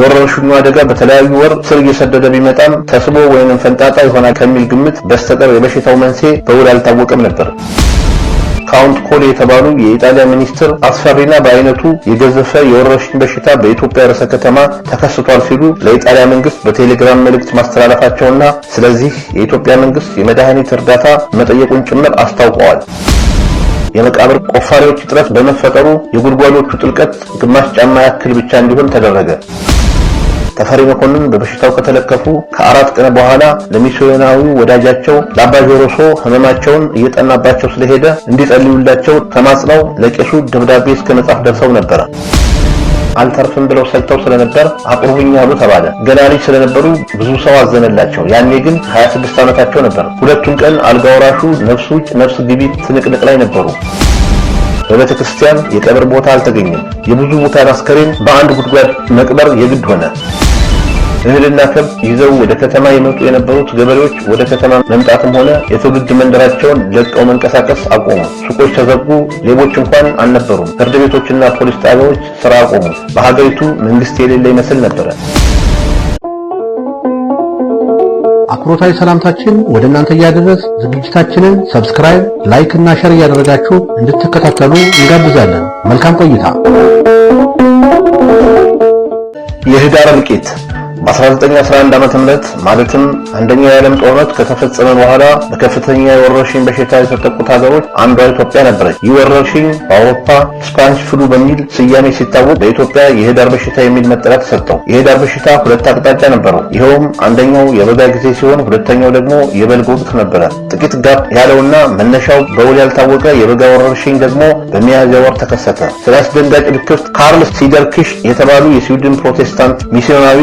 የወረርሽኙ አደጋ በተለያዩ ወር ስር እየሰደደ ቢመጣም ተስቦ ወይንም ፈንጣጣ ይሆናል ከሚል ግምት በስተቀር የበሽታው መንስኤ በውል አልታወቀም ነበር። ካውንት ኮል የተባሉ የኢጣሊያ ሚኒስትር አስፈሪና በአይነቱ የገዘፈ የወረርሽኝ በሽታ በኢትዮጵያ ርዕሰ ከተማ ተከስቷል ሲሉ ለኢጣሊያ መንግስት በቴሌግራም መልእክት ማስተላለፋቸውና ስለዚህ የኢትዮጵያ መንግስት የመድኃኒት እርዳታ መጠየቁን ጭምር አስታውቀዋል። የመቃብር ቆፋሪዎች እጥረት በመፈጠሩ የጉድጓዶቹ ጥልቀት ግማሽ ጫማ ያክል ብቻ እንዲሆን ተደረገ። ተፈሪ መኮንን በበሽታው ከተለከፉ ከአራት ቀን በኋላ ለሚስዮናዊ ወዳጃቸው ለአባ ጆሮሶ ህመማቸውን እየጠናባቸው ስለሄደ እንዲጸልዩላቸው ተማጽነው ለቄሱ ደብዳቤ እስከ መጻፍ ደርሰው ነበረ። አልተርፍም ብለው ሰግተው ስለነበር አቅርቡኝ አሉ ተባለ። ገና ልጅ ስለነበሩ ብዙ ሰው አዘነላቸው። ያኔ ግን 26 ዓመታቸው ነበር። ሁለቱን ቀን አልጋ ወራሹ ነፍስ ውጭ ነፍስ ግቢ ትንቅንቅ ላይ ነበሩ። በቤተ ክርስቲያን የቀብር ቦታ አልተገኘም። የብዙ ሙታን አስከሬን በአንድ ጉድጓድ መቅበር የግድ ሆነ። እህልና ከብት ይዘው ወደ ከተማ የመጡ የነበሩት ገበሬዎች ወደ ከተማ መምጣትም ሆነ የትውልድ መንደራቸውን ለቀው መንቀሳቀስ አቆሙ። ሱቆች ተዘጉ፣ ሌቦች እንኳን አልነበሩም። ፍርድ ቤቶችና ፖሊስ ጣቢያዎች ስራ አቆሙ። በሀገሪቱ መንግስት የሌለ ይመስል ነበረ። አክብሮታዊ ሰላምታችን ወደ እናንተ እያደረስ ዝግጅታችንን ሰብስክራይብ፣ ላይክ እና ሸር እያደረጋችሁ እንድትከታተሉ እንጋብዛለን። መልካም ቆይታ። የህዳር እልቂት በ1911 ዓ.ም ማለትም አንደኛው የዓለም ጦርነት ከተፈጸመ በኋላ በከፍተኛ የወረርሽኝ በሽታ የተጠቁት ሀገሮች አንዷ ኢትዮጵያ ነበረች። ይህ ወረርሽኝ በአውሮፓ ስፓኒሽ ፍሉ በሚል ስያሜ ሲታወቅ በኢትዮጵያ የህዳር በሽታ የሚል መጠሪያ ተሰጠው። የህዳር በሽታ ሁለት አቅጣጫ ነበረው። ይኸውም አንደኛው የበጋ ጊዜ ሲሆን፣ ሁለተኛው ደግሞ የበልግ ወቅት ነበረ። ጥቂት ጋር ያለውና መነሻው በውል ያልታወቀ የበጋ ወረርሽኝ ደግሞ በሚያዝያ ወር ተከሰተ። ስለ አስደንጋጭ ልክፍት ካርል ሲደርክሽ የተባሉ የስዊድን ፕሮቴስታንት ሚስዮናዊ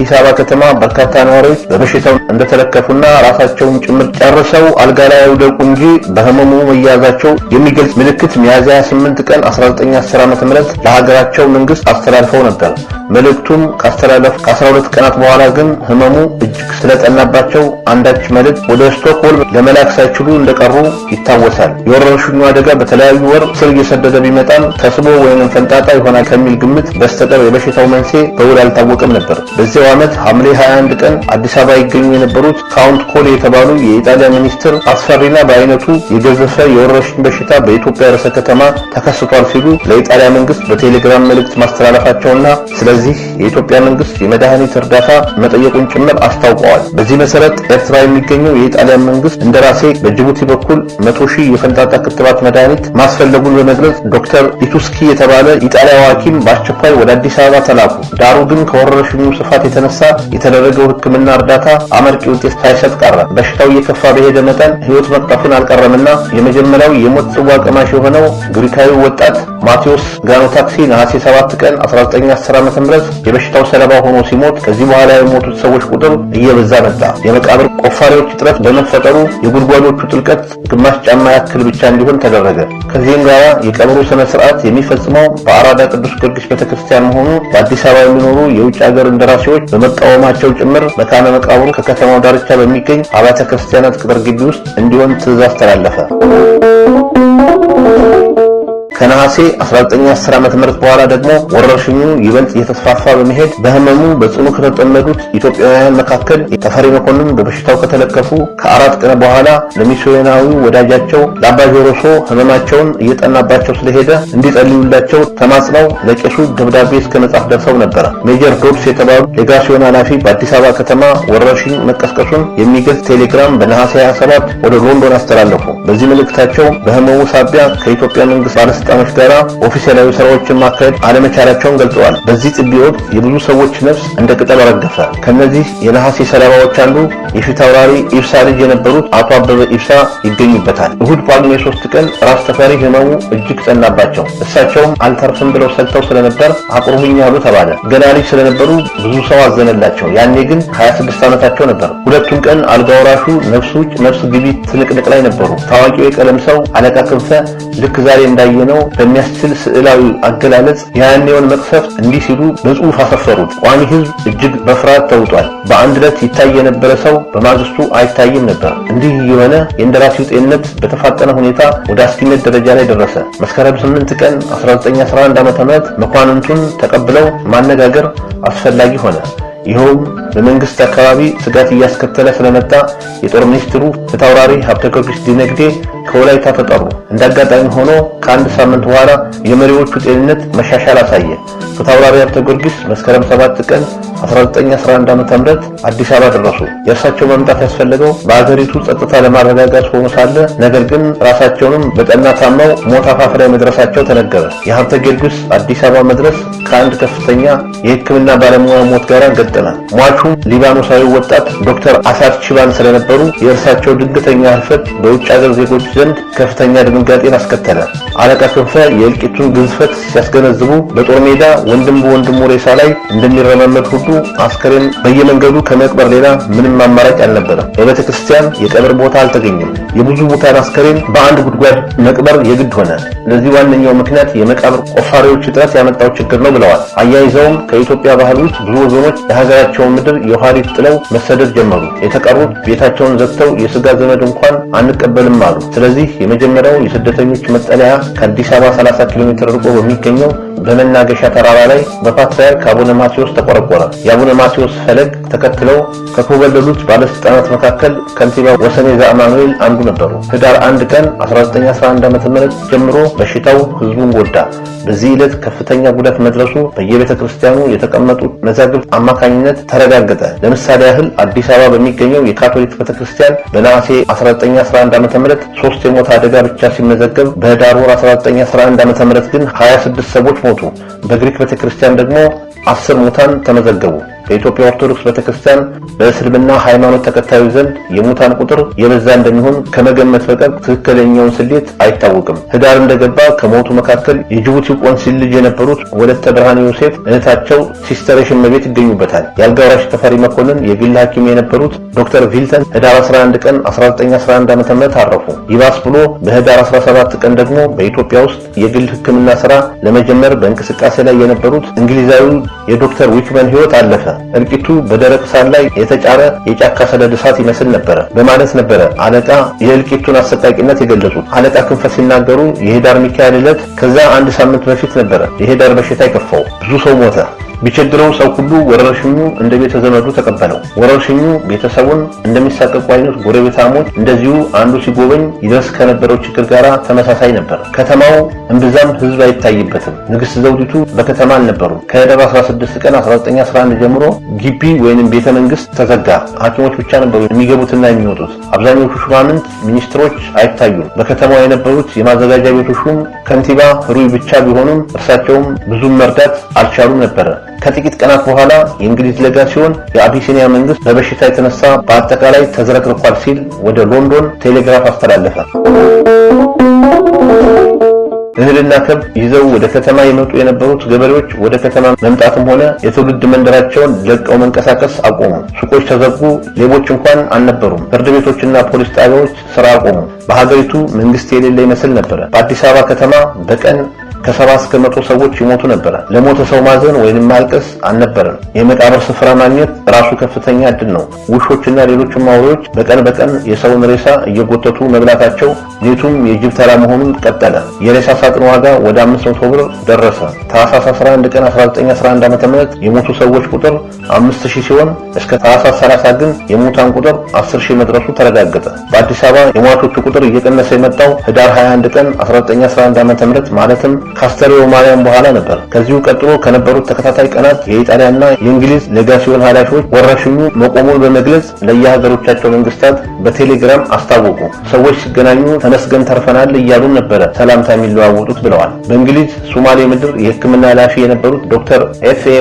የአዲስ አበባ ከተማ በርካታ ነዋሪዎች በበሽታው እንደተለከፉና ራሳቸውን ጭምር ጨርሰው አልጋ ላይ ያውደቁ እንጂ በህመሙ መያዛቸው የሚገልጽ ምልክት ሚያዝያ 8 ቀን 1910 ም ለሀገራቸው መንግስት አስተላልፈው ነበር። መልእክቱም ካስተላለፉ ከ12 ቀናት በኋላ ግን ህመሙ እጅግ ስለጠናባቸው አንዳች መልእክት ወደ ስቶክሆልም ለመላክ ሳይችሉ እንደቀሩ ይታወሳል። የወረርሽኙ አደጋ በተለያዩ ወር ስር እየሰደደ ቢመጣም ተስቦ ወይንም ፈንጣጣ ይሆናል ከሚል ግምት በስተቀር የበሽታው መንስኤ በውል አልታወቀም ነበር። በዚያው በያዝነው ዓመት ሐምሌ 21 ቀን አዲስ አበባ ይገኙ የነበሩት ካውንት ኮል የተባሉ የኢጣሊያ ሚኒስትር አስፈሪና በአይነቱ የገዘፈ የወረርሽኝ በሽታ በኢትዮጵያ ርዕሰ ከተማ ተከስቷል ሲሉ ለኢጣሊያ መንግስት በቴሌግራም መልእክት ማስተላለፋቸውና ስለዚህ የኢትዮጵያ መንግስት የመድኃኒት እርዳታ መጠየቁን ጭምር አስታውቀዋል። በዚህ መሰረት ኤርትራ የሚገኘው የኢጣሊያ መንግስት እንደራሴ በጅቡቲ በኩል መቶ ሺህ የፈንጣጣ ክትባት መድኃኒት ማስፈለጉን በመግለጽ ዶክተር ኢቱስኪ የተባለ ኢጣሊያዊ ሐኪም በአስቸኳይ ወደ አዲስ አበባ ተላኩ። ዳሩ ግን ከወረርሽኙ ስፋት የተነሳ የተደረገው ሕክምና እርዳታ አመርቂ ውጤት ሳይሰጥ ቀረ። በሽታው እየከፋ በሄደ መጠን ሕይወት መቅጠፉን አልቀረምና የመጀመሪያው የሞት ጽዋ ቀማሽ የሆነው ግሪካዊው ወጣት ማቴዎስ ጋኖታክሲ ነሐሴ 7 ቀን 1910 ዓ.ም የበሽታው ሰለባ ሆኖ ሲሞት ከዚህ በኋላ የሞቱት ሰዎች ቁጥር እየበዛ መጣ። የመቃብር ቆፋሪዎች እጥረት በመፈጠሩ የጉድጓዶቹ ጥልቀት ግማሽ ጫማ ያክል ብቻ እንዲሆን ተደረገ። ከዚህም ጋር የቀብሩ ስነ ስርዓት የሚፈጽመው በአራዳ ቅዱስ ጊዮርጊስ ቤተክርስቲያን መሆኑ በአዲስ አበባ የሚኖሩ የውጭ ሀገር እንደራሴዎች በመቃወማቸው ጭምር መካነ መቃብሩ ከከተማው ዳርቻ በሚገኝ አብያተ ክርስቲያናት ቅጥር ግቢ ውስጥ እንዲሆን ትዕዛዝ ተላለፈ። ከነሐሴ 1910 ዓመተ ምህረት በኋላ ደግሞ ወረርሽኙ ይበልጥ እየተስፋፋ በመሄድ በህመሙ በጽኑ ከተጠመዱት ኢትዮጵያውያን መካከል ተፈሪ መኮንን በበሽታው ከተለከፉ ከአራት ቀን በኋላ ለሚስዮናዊ ወዳጃቸው ለአባ ጆሮሶ ህመማቸውን እየጠናባቸው ስለሄደ እንዲጸልዩላቸው ተማጽነው ለቄሱ ደብዳቤ እስከ መጻፍ ደርሰው ነበረ። ሜጀር ዶብስ የተባሉ ሌጋሲዮን ኃላፊ በአዲስ አበባ ከተማ ወረርሽኝ መቀስቀሱን የሚገልጽ ቴሌግራም በነሐሴ 27 ወደ ሎንዶን አስተላለፉ። በዚህ መልእክታቸው በህመሙ ሳቢያ ከኢትዮጵያ መንግስት ባለስልጣ ባለስልጣኖች ጋር ኦፊሴላዊ ስራዎችን ማካሄድ አለመቻላቸውን ገልጸዋል። በዚህ ጥቢ ወቅት የብዙ ሰዎች ነፍስ እንደ ቅጠል ረገፈ። ከነዚህ የነሐሴ ሰለባዎች አንዱ የፊት አውራሪ ኢብሳ ልጅ የነበሩት አቶ አበበ ኢብሳ ይገኙበታል። እሁድ ጳጉሜ ሶስት ቀን ራስ ተፈሪ ህመሙ እጅግ ጸናባቸው። እሳቸውም አልተርፍም ብለው ሰግተው ስለነበር አቁርቡኝ አሉ ተባለ። ገና ልጅ ስለነበሩ ብዙ ሰው አዘነላቸው። ያኔ ግን 26 ዓመታቸው ነበር። ሁለቱም ቀን አልጋ ወራሹ ነፍስ ውጭ ነፍስ ግቢ ትንቅንቅ ላይ ነበሩ። ታዋቂው የቀለም ሰው አለቃ ክንፈ ልክ ዛሬ እንዳየነው ነው በሚያስችል ስዕላዊ አገላለጽ የያኔውን መቅሰፍት እንዲህ ሲሉ በጽሑፍ አሰፈሩት። ቋሚ ሕዝብ እጅግ በፍርሃት ተውጧል። በአንድ ዕለት ይታይ የነበረ ሰው በማግስቱ አይታይም ነበር። እንዲህ የሆነ የእንደራሲው ጤንነት በተፋጠነ ሁኔታ ወደ አስኪነት ደረጃ ላይ ደረሰ። መስከረም 8 ቀን 1911 ዓ.ም መኳንንቱን ተቀብለው ማነጋገር አስፈላጊ ሆነ። ይኸውም በመንግስት አካባቢ ስጋት እያስከተለ ስለመጣ የጦር ሚኒስትሩ ፊታውራሪ ሀብተ ጊዮርጊስ ዲነግዴ ከወላይታ ተጠሩ። አጋጣሚ ሆኖ ከአንድ ሳምንት በኋላ የመሪዎቹ ጤንነት መሻሻል አሳየ። ፊታውራሪ ሀብተ ጊዮርጊስ መስከረም 7 ቀን 1911 ዓ.ም አዲስ አበባ ደረሱ። የእርሳቸው መምጣት ያስፈለገው በአገሪቱ ጸጥታ ለማረጋጋት ሆኖ ሳለ ነገር ግን ራሳቸውንም በጠና ታመው ሞት አፋፍ ላይ መድረሳቸው ተነገረ። የሀብተ ጊዮርጊስ አዲስ አበባ መድረስ ከአንድ ከፍተኛ የሕክምና ባለሙያ ሞት ጋር ገጠመ። ሟቹ ሊባኖሳዊ ወጣት ዶክተር አሳድ ቺባን ስለነበሩ የእርሳቸው ድንገተኛ ህልፈት በውጭ አገር ዜጎች ዘንድ ከፍተኛ ድንጋጤን አስከተለ። አለቃ ክንፈ የእልቂቱን ግዝፈት ሲያስገነዝቡ በጦር ሜዳ ወንድም በወንድሙ ሬሳ ላይ እንደሚረማመድ ሁሉ ሲወጡ አስከሬን በየመንገዱ ከመቅበር ሌላ ምንም አማራጭ አልነበረም። በቤተ ክርስቲያን የቀብር ቦታ አልተገኘም። የብዙ ሙታን አስከሬን በአንድ ጉድጓድ መቅበር የግድ ሆነ። ለዚህ ዋነኛው ምክንያት የመቃብር ቆፋሪዎች እጥረት ያመጣው ችግር ነው ብለዋል። አያይዘውም ከኢትዮጵያ ባህል ውስጥ ብዙ ወገኖች የሀገራቸውን ምድር የኋሊት ጥለው መሰደድ ጀመሩ። የተቀሩት ቤታቸውን ዘግተው የስጋ ዘመድ እንኳን አንቀበልም አሉ። ስለዚህ የመጀመሪያው የስደተኞች መጠለያ ከአዲስ አበባ 30 ኪሎ ሜትር ርቆ በሚገኘው በመናገሻ ተራራ ላይ በፓትርያርክ አቡነ ማቴዎስ ተቆረቆረ። የአቡነ ማቴዎስ ፈለግ ተከትለው ከኮበለሉት ባለስልጣናት መካከል ከንቲባ ወሰኔ ዘአማኑኤል አንዱ ነበሩ። ህዳር 1 ቀን 1911 ም ጀምሮ በሽታው ህዝቡን ጎዳ። በዚህ ዕለት ከፍተኛ ጉዳት መድረሱ በየቤተ ክርስቲያኑ የተቀመጡ መዛግብት አማካኝነት ተረጋገጠ። ለምሳሌ ያህል አዲስ አበባ በሚገኘው የካቶሊክ ቤተ ክርስቲያን በነሐሴ 1911 ም ሶስት የሞት አደጋ ብቻ ሲመዘገብ በህዳር ወር 1911 ም ግን 26 ሰዎች ሞቱ። በግሪክ ቤተ ክርስቲያን ደግሞ አስር ሙታን ተመዘገቡ። በኢትዮጵያ ኦርቶዶክስ ቤተክርስቲያን በእስልምና ሃይማኖት ተከታዮች ዘንድ የሙታን ቁጥር የበዛ እንደሚሆን ከመገመት በቀር ትክክለኛውን ስሌት አይታወቅም። ህዳር እንደገባ ከሞቱ መካከል የጅቡቲ ቆንሲል ልጅ የነበሩት ወለተ ብርሃን ዮሴፍ እህታቸው ሲስተር ሽመቤት ይገኙበታል። የአልጋ ወራሽ ተፈሪ መኮንን የግል ሐኪም የነበሩት ዶክተር ቪልተን ህዳር 11 ቀን 1911 ዓ.ም አረፉ። ይባስ ብሎ በህዳር 17 ቀን ደግሞ በኢትዮጵያ ውስጥ የግል ሕክምና ስራ ለመጀመር በእንቅስቃሴ ላይ የነበሩት እንግሊዛዊ የዶክተር ዊክመን ህይወት አለፈ። እልቂቱ በደረቅ ሳር ላይ የተጫረ የጫካ ሰደድ እሳት ይመስል ነበረ በማለት ነበረ አለቃ የእልቂቱን አሰቃቂነት የገለጹት። አለቃ ክንፈ ሲናገሩ የህዳር ሚካኤል ዕለት ከዛ አንድ ሳምንት በፊት ነበረ የሄዳር በሽታ የከፋው። ብዙ ሰው ሞተ። ቢቸግረው ሰው ሁሉ ወረርሽኙ እንደ ቤተ ዘመዱ ተቀበለው። ወረርሽኙ ቤተሰቡን እንደሚሳቀቁ አይነት ጎረቤታሞች እንደዚሁ አንዱ ሲጎበኝ ይደርስ ከነበረው ችግር ጋር ተመሳሳይ ነበር። ከተማው እምብዛም ህዝብ አይታይበትም። ንግስት ዘውዲቱ በከተማ አልነበሩም። ከህዳር 16 ቀን 1911 ጀምሮ ግቢ ወይንም ቤተ መንግስት ተዘጋ። ሐኪሞች ብቻ ነበሩ የሚገቡትና የሚወጡት። አብዛኞቹ ሹማምንት፣ ሚኒስትሮች አይታዩም። በከተማው የነበሩት የማዘጋጃ ቤቱ ሹም ከንቲባ ህሩይ ብቻ ቢሆኑም እርሳቸውም ብዙም መርዳት አልቻሉም ነበረ። ከጥቂት ቀናት በኋላ የእንግሊዝ ሲሆን፣ የአቢሲኒያ መንግስት በበሽታ የተነሳ በአጠቃላይ ተዝረክርኳል ሲል ወደ ሎንዶን ቴሌግራፍ አስተላለፈ። እህልና ከብት ይዘው ወደ ከተማ የመጡ የነበሩት ገበሬዎች ወደ ከተማ መምጣትም ሆነ የትውልድ መንደራቸውን ለቀው መንቀሳቀስ አቆሙ። ሱቆች ተዘጉ፣ ሌቦች እንኳን አልነበሩም። ፍርድ ቤቶችና ፖሊስ ጣቢያዎች ስራ አቆሙ። በሀገሪቱ መንግስት የሌለ ይመስል ነበረ። በአዲስ አበባ ከተማ በቀን ከሰባ እስከ መቶ ሰዎች ይሞቱ ነበረ። ለሞተ ሰው ማዘን ወይንም ማልቀስ አልነበረም። የመቃብር ስፍራ ማግኘት ራሱ ከፍተኛ እድል ነው። ውሾችና ሌሎችም አውሬዎች በቀን በቀን የሰውን ሬሳ እየጎተቱ መብላታቸው ሌቱም የጅብ ተራ መሆኑን ቀጠለ። የሬሳ ሳጥን ዋጋ ወደ 500 ብር ደረሰ። ታህሳስ 11 ቀን 1911 ም የሞቱ ሰዎች ቁጥር 5000 ሲሆን እስከ ታህሳስ 30 ግን የሞታን ቁጥር 10000 መድረሱ ተረጋገጠ። በአዲስ አበባ የሟቾቹ ቁጥር እየቀነሰ የመጣው ህዳር 21 ቀን 1911 ዓ.ም ማለትም ካስተሪዮ ማርያም በኋላ ነበር። ከዚሁ ቀጥሎ ከነበሩት ተከታታይ ቀናት የኢጣሊያና የእንግሊዝ ሌጋሲዮን ኃላፊዎች ወረርሽኙ መቆሙን በመግለጽ ለየሀገሮቻቸው መንግስታት በቴሌግራም አስታወቁ። ሰዎች ሲገናኙ ተመስገን ተርፈናል እያሉን ነበረ ሰላምታ የሚለዋወጡት ብለዋል። በእንግሊዝ ሶማሌ ምድር የሕክምና ኃላፊ የነበሩት ዶክተር ኤፍ ኤ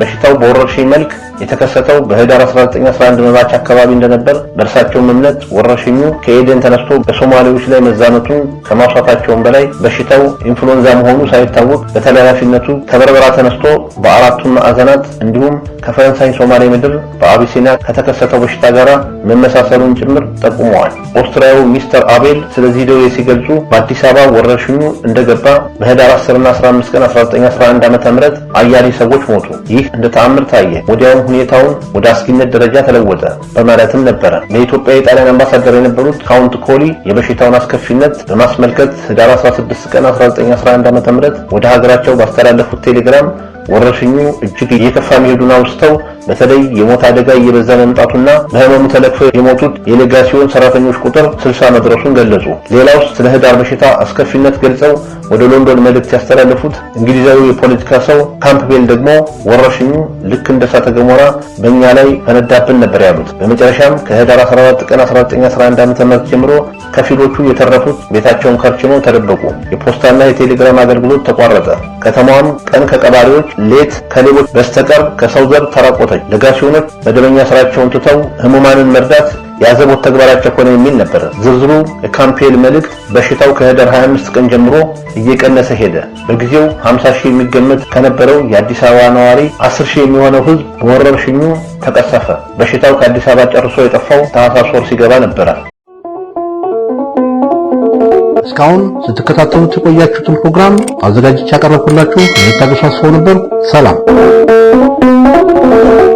በሽታው በወረርሽኝ መልክ የተከሰተው በህዳር 1911 መባች አካባቢ እንደነበር በእርሳቸውም እምነት ወረርሽኙ ከኤደን ተነስቶ በሶማሌዎች ላይ መዛመቱን ከማውሳታቸውም በላይ በሽታው ኢንፍሉዌንዛ መሆኑ ሳይታወቅ በተላላፊነቱ ከበርበራ ተነስቶ በአራቱም ማዕዘናት እንዲሁም ከፈረንሳይ ሶማሌ ምድር በአቢሲና ከተከሰተው በሽታ ጋር መመሳሰሉን ጭምር ጠቁመዋል። ኦስትሪያዊ ሚስተር አቤል ስለዚህ ደዌ ሲገልጹ በአዲስ አበባ ወረርሽኙ እንደገባ በህዳር 10 እና 15 ቀን 1911 ዓ.ም አያሌ ሰዎች ሞቱ። ይህ እንደ ተአምር ታየ። ወዲያውም ሁኔታውን ወደ አስጊነት ደረጃ ተለወጠ በማለትም ነበረ። ለኢትዮጵያ የጣሊያን አምባሳደር የነበሩት ካውንት ኮሊ የበሽታውን አስከፊነት በማስመልከት ህዳር 16 ቀን 1911 ዓ.ም ወደ ሀገራቸው ባስተላለፉት ቴሌግራም ወረርሽኙ እጅግ እየከፋ መሄዱን አውስተው በተለይ የሞት አደጋ እየበዛ መምጣቱና በህመሙ ተለክፈው የሞቱት የሌጋሲዮን ሰራተኞች ቁጥር 60 መድረሱን ገለጹ። ሌላው ስለ ህዳር በሽታ አስከፊነት ገልጸው ወደ ሎንዶን መልእክት ያስተላለፉት እንግሊዛዊ የፖለቲካ ሰው ካምፕቤል ደግሞ ወረርሽኙ ልክ እንደ እሳተ ገሞራ በእኛ ላይ ፈነዳብን ነበር ያሉት። በመጨረሻም ከህዳር 14 ቀን 1911 ም ጀምሮ ከፊሎቹ የተረፉት ቤታቸውን ከርችመው ተደበቁ። የፖስታና የቴሌግራም አገልግሎት ተቋረጠ። ከተማዋም ቀን ከቀባሪዎች ሌት ከሌቦች በስተቀር ከሰው ዘር ተራቆተ። ተቋማቶች ለጋሽ መደበኛ ስራቸውን ትተው ህሙማንን መርዳት የአዘቦት ተግባራቸው ሆነ የሚል ነበር። ዝርዝሩ የካምፔል መልእክት በሽታው ከህዳር 25 ቀን ጀምሮ እየቀነሰ ሄደ። በጊዜው 50 ሺህ የሚገመት ከነበረው የአዲስ አበባ ነዋሪ 10 ሺህ የሚሆነው ህዝብ በወረርሽኙ ተቀሰፈ። በሽታው ከአዲስ አበባ ጨርሶ የጠፋው ታህሳስ ወር ሲገባ ነበረ። እስካሁን ስትከታተሉት የቆያችሁትን ፕሮግራም አዘጋጅቼ ያቀረብኩላችሁ ታገሱ አስፋው ሰላም Música